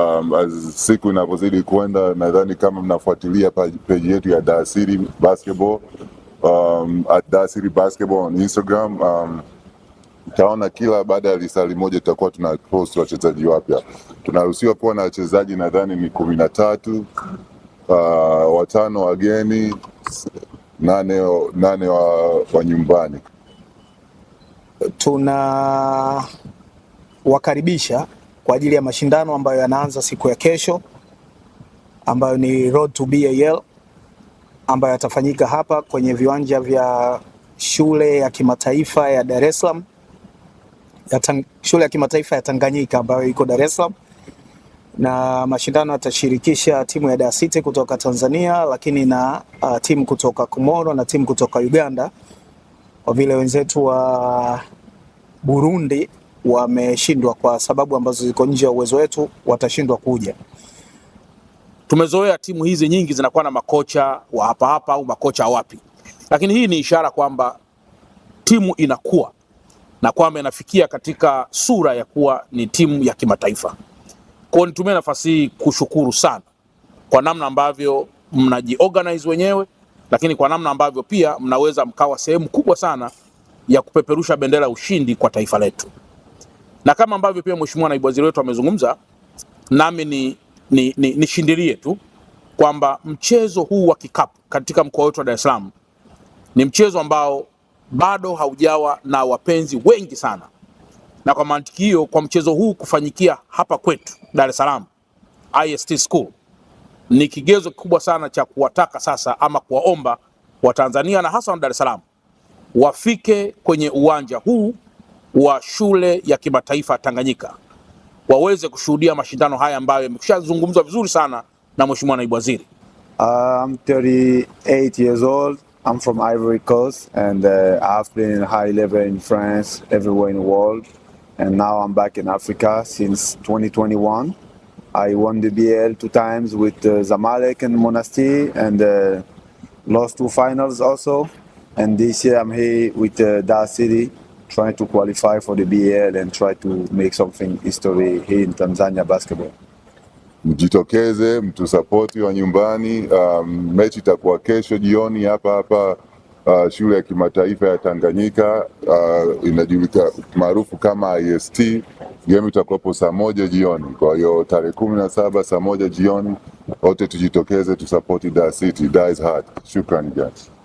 Um, siku inavyozidi kwenda nadhani kama mnafuatilia peji yetu ya Daasiri Basketball um, at Basketball on Instagram um, taona kila baada ya lisali moja tutakuwa tuna post wachezaji wapya. Tunaruhusiwa kuwa na wachezaji nadhani ni kumi na tatu, uh, watano wageni, nane, nane wa, wa nyumbani. Tunawakaribisha kwa ajili ya mashindano ambayo yanaanza siku ya kesho ambayo ni Road to BAL ambayo yatafanyika hapa kwenye viwanja vya shule ya kimataifa ya Dar es Salaam ya tang, shule ya kimataifa ya Tanganyika ambayo iko Dar es Salaam, na mashindano yatashirikisha timu ya Dar City kutoka Tanzania, lakini na uh, timu kutoka Komoro na timu kutoka Uganda, kwa vile wenzetu wa Burundi wameshindwa kwa sababu ambazo ziko nje ya uwezo wetu, watashindwa kuja. Tumezoea timu hizi nyingi zinakuwa na makocha wa hapa hapa au makocha wapi, lakini hii ni ishara kwamba timu inakuwa na kwamba inafikia katika sura ya kuwa ni timu ya kimataifa. Kwa hiyo nitumie nafasi hii kushukuru sana kwa namna ambavyo mnajiorganize wenyewe, lakini kwa namna ambavyo pia mnaweza mkawa sehemu kubwa sana ya kupeperusha bendera ya ushindi kwa taifa letu na kama ambavyo pia mheshimiwa naibu waziri wetu amezungumza, nami ni, ni, ni, shindirie tu kwamba mchezo huu wa kikapu katika mkoa wetu wa Dar es Salaam ni mchezo ambao bado haujawa na wapenzi wengi sana, na kwa mantiki hiyo, kwa mchezo huu kufanyikia hapa kwetu Dar es Salaam IST School ni kigezo kikubwa sana cha kuwataka sasa ama kuwaomba Watanzania na hasa wa Dar es Salaam wafike kwenye uwanja huu wa shule ya kimataifa Tanganyika waweze kushuhudia mashindano haya ambayo yamekushazungumzwa vizuri sana na Mheshimiwa Naibu Waziri. I'm 38 years old. I'm from Ivory Coast and uh, I've been in high level in France, everywhere in the world. And now I'm back in Africa since 2021. I won the BL two times with uh, Zamalek and Monastir and uh, lost two finals also. And this year I'm here with uh, Dar City trying to qualify for the BL and try to make something history here in Tanzania basketball. Mjitokeze mtusapoti wa nyumbani. Um, mechi itakuwa kesho jioni hapa hapa uh, shule ya kimataifa ya Tanganyika uh, inajulikana maarufu kama IST. Game itakuwapo saa moja jioni, kwa hiyo tarehe kumi na saba saa moja jioni, wote tujitokeze tusapoti Dar City. Dar is hard. Shukrani guys.